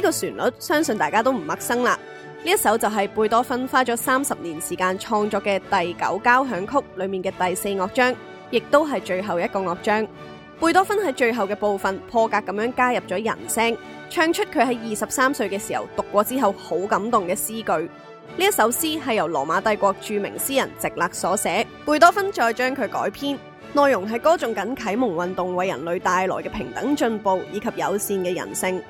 呢個旋律相信大家都唔陌生啦。呢一首就係貝多芬花咗三十年時間創作嘅第九交響曲裏面嘅第四樂章，亦都係最後一個樂章。貝多芬喺最後嘅部分破格咁樣加入咗人聲，唱出佢喺二十三歲嘅時候讀過之後好感動嘅詩句。呢一首詩係由羅馬帝國著名詩人席勒所寫，貝多芬再將佢改編，內容係歌頌緊啟蒙運動為人類帶來嘅平等進步以及友善嘅人性。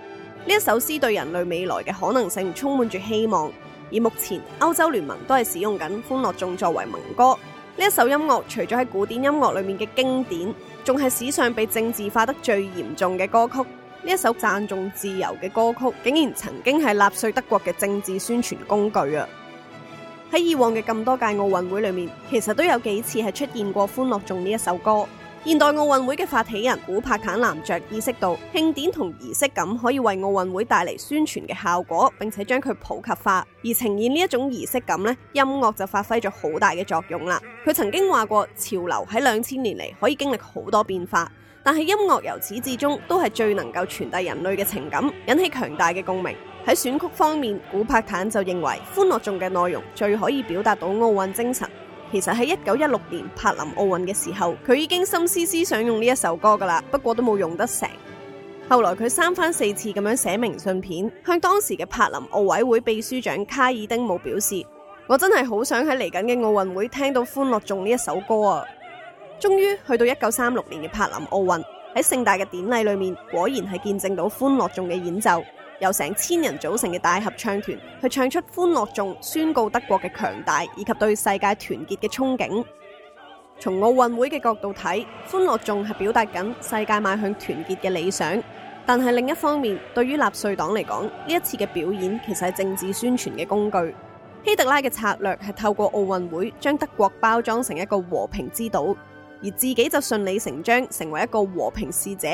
呢一首詩對人類未來嘅可能性充滿住希望，而目前歐洲聯盟都係使用緊《歡樂頌》作為盟歌。呢一首音樂除咗喺古典音樂裏面嘅經典，仲係史上被政治化得最嚴重嘅歌曲。呢一首讚頌自由嘅歌曲，竟然曾經係納粹德國嘅政治宣傳工具啊！喺以往嘅咁多屆奧運會裏面，其實都有幾次係出現過《歡樂頌》呢一首歌。現代奧運會嘅發起人古柏坦男爵意識到慶典同儀式感可以為奧運會帶嚟宣傳嘅效果，並且將佢普及化。而呈現呢一種儀式感咧，音樂就發揮咗好大嘅作用啦。佢曾經話過：潮流喺兩千年嚟可以經歷好多變化，但係音樂由始至終都係最能夠傳遞人類嘅情感，引起強大嘅共鳴。喺選曲方面，古柏坦就認為歡樂頌嘅內容最可以表達到奧運精神。其實喺一九一六年柏林奧運嘅時候，佢已經心思思想用呢一首歌噶啦，不過都冇用得成。後來佢三番四次咁樣寫明信片，向當時嘅柏林奧委會秘書長卡爾丁姆表示：我真係好想喺嚟緊嘅奧運會聽到《歡樂頌》呢一首歌啊！終於去到一九三六年嘅柏林奧運，喺盛大嘅典禮裏面，果然係見證到《歡樂頌》嘅演奏。由成千人組成嘅大合唱團，去唱出歡樂頌，宣告德國嘅強大以及對世界團結嘅憧憬。從奧運會嘅角度睇，歡樂頌係表達緊世界邁向團結嘅理想。但係另一方面，對於納粹黨嚟講，呢一次嘅表演其實係政治宣傳嘅工具。希特拉嘅策略係透過奧運會將德國包裝成一個和平之島，而自己就順理成章成為一個和平使者。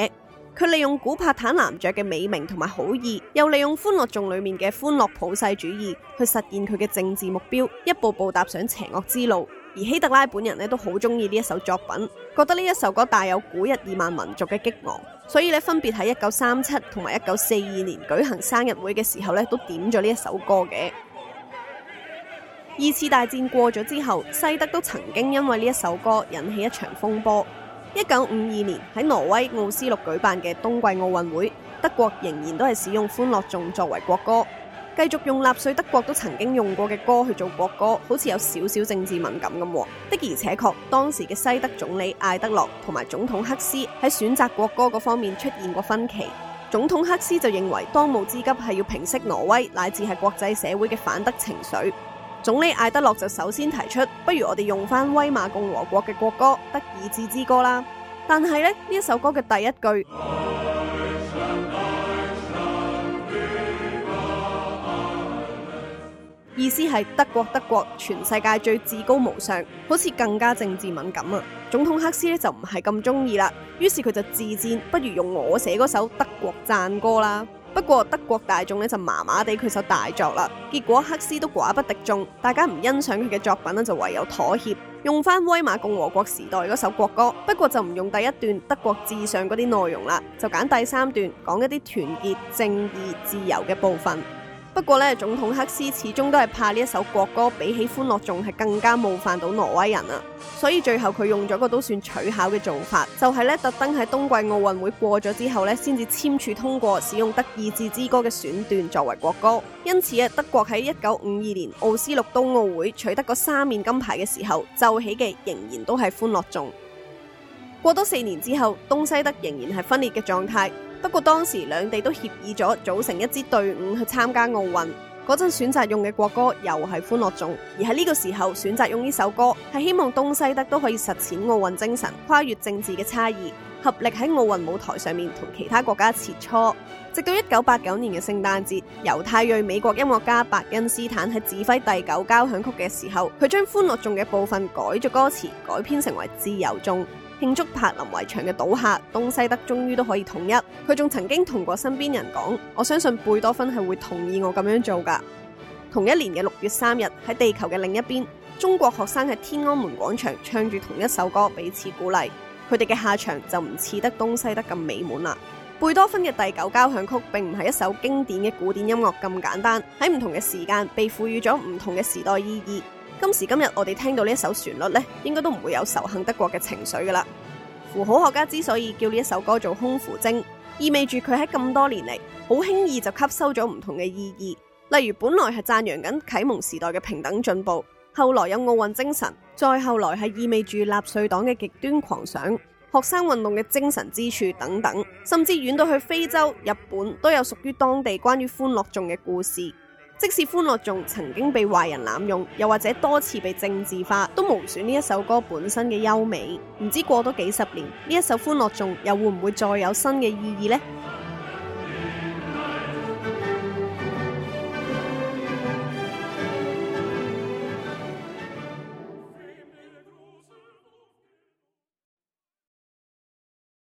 佢利用古柏坦男爵嘅美名同埋好意，又利用歡樂頌裏面嘅歡樂普世主義，去實現佢嘅政治目標，一步步踏上邪惡之路。而希特拉本人呢都好中意呢一首作品，覺得呢一首歌帶有古日耳曼民族嘅激昂，所以呢分別喺一九三七同埋一九四二年舉行生日會嘅時候，呢都點咗呢一首歌嘅。二次大戰過咗之後，西德都曾經因為呢一首歌引起一場風波。一九五二年喺挪威奧斯陸舉辦嘅冬季奧運會，德國仍然都係使用《歡樂頌》作為國歌，繼續用納粹德國都曾經用過嘅歌去做國歌，好似有少少政治敏感咁。的而且確，當時嘅西德總理艾德洛同埋總統克斯喺選擇國歌嗰方面出現過分歧。總統克斯就認為，當務之急係要平息挪威乃至係國際社會嘅反德情緒。總理艾德諾就首先提出，不如我哋用翻威瑪共和國嘅國歌《德意志之歌》啦。但係咧呢一首歌嘅第一句， 意思係德國德國全世界最至高無上，好似更加政治敏感啊。總統克斯呢就唔係咁中意啦，於是佢就自薦，不如用我寫嗰首《德國讚歌》啦。不過德國大眾咧就麻麻地，佢首大作啦。結果黑斯都寡不敵眾，大家唔欣賞佢嘅作品呢，就唯有妥協，用翻威瑪共和國時代嗰首國歌。不過就唔用第一段德國至上嗰啲內容啦，就揀第三段講一啲團結、正義、自由嘅部分。不過咧，總統克斯始終都係怕呢一首國歌比起歡樂《歡樂頌》係更加冒犯到挪威人啊，所以最後佢用咗個都算取巧嘅做法，就係咧特登喺冬季奧運會過咗之後咧，先至簽署通過使用德意志之歌嘅選段作為國歌。因此咧，德國喺一九五二年奧斯陸冬奧會取得個三面金牌嘅時候，奏起嘅仍然都係《歡樂頌》。過多四年之後，東西德仍然係分裂嘅狀態。不過當時兩地都協議咗組成一支隊伍去參加奧運，嗰陣選擇用嘅國歌又係《歡樂頌》，而喺呢個時候選擇用呢首歌，係希望東西德都可以實踐奧運精神，跨越政治嘅差異，合力喺奧運舞台上面同其他國家切磋。直到一九八九年嘅聖誕節，猶太裔美國音樂家伯恩斯坦喺指揮第九交響曲嘅時候，佢將《歡樂頌》嘅部分改咗歌詞，改編成為《自由頌》。慶祝柏林圍牆嘅倒下，東西德終於都可以統一。佢仲曾經同過身邊人講：我相信貝多芬係會同意我咁樣做噶。同一年嘅六月三日，喺地球嘅另一邊，中國學生喺天安門廣場唱住同一首歌，彼此鼓勵。佢哋嘅下場就唔似得東西德咁美滿啦。貝多芬嘅第九交響曲，並唔係一首經典嘅古典音樂咁簡單，喺唔同嘅時間被賦予咗唔同嘅時代意義。今時今日，我哋聽到呢一首旋律咧，應該都唔會有仇恨德國嘅情緒噶啦。符號學家之所以叫呢一首歌做《空符徵》，意味住佢喺咁多年嚟，好輕易就吸收咗唔同嘅意義。例如，本來係讚揚緊啟蒙時代嘅平等進步，後來有奧運精神，再後來係意味住納粹黨嘅極端狂想、學生運動嘅精神支柱等等，甚至遠到去非洲、日本都有屬於當地關於歡樂頌嘅故事。即使《歡樂頌》曾經被壞人濫用，又或者多次被政治化，都無損呢一首歌本身嘅優美。唔知過多幾十年，呢一首《歡樂頌》又會唔會再有新嘅意義呢？